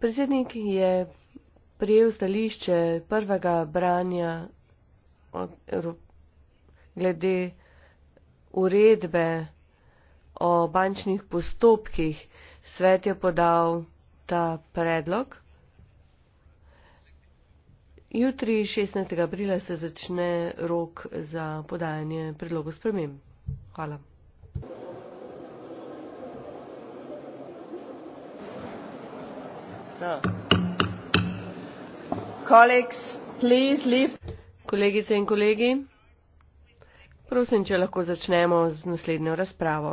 Predsednik je prijel stališče prvega branja glede uredbe o bančnih postopkih. Svet je podal ta predlog. Jutri, 16. aprila, se začne rok za podajanje predlogov spremem. Hvala. Kolegice in kolegi, prosim, če lahko začnemo z naslednjo razpravo.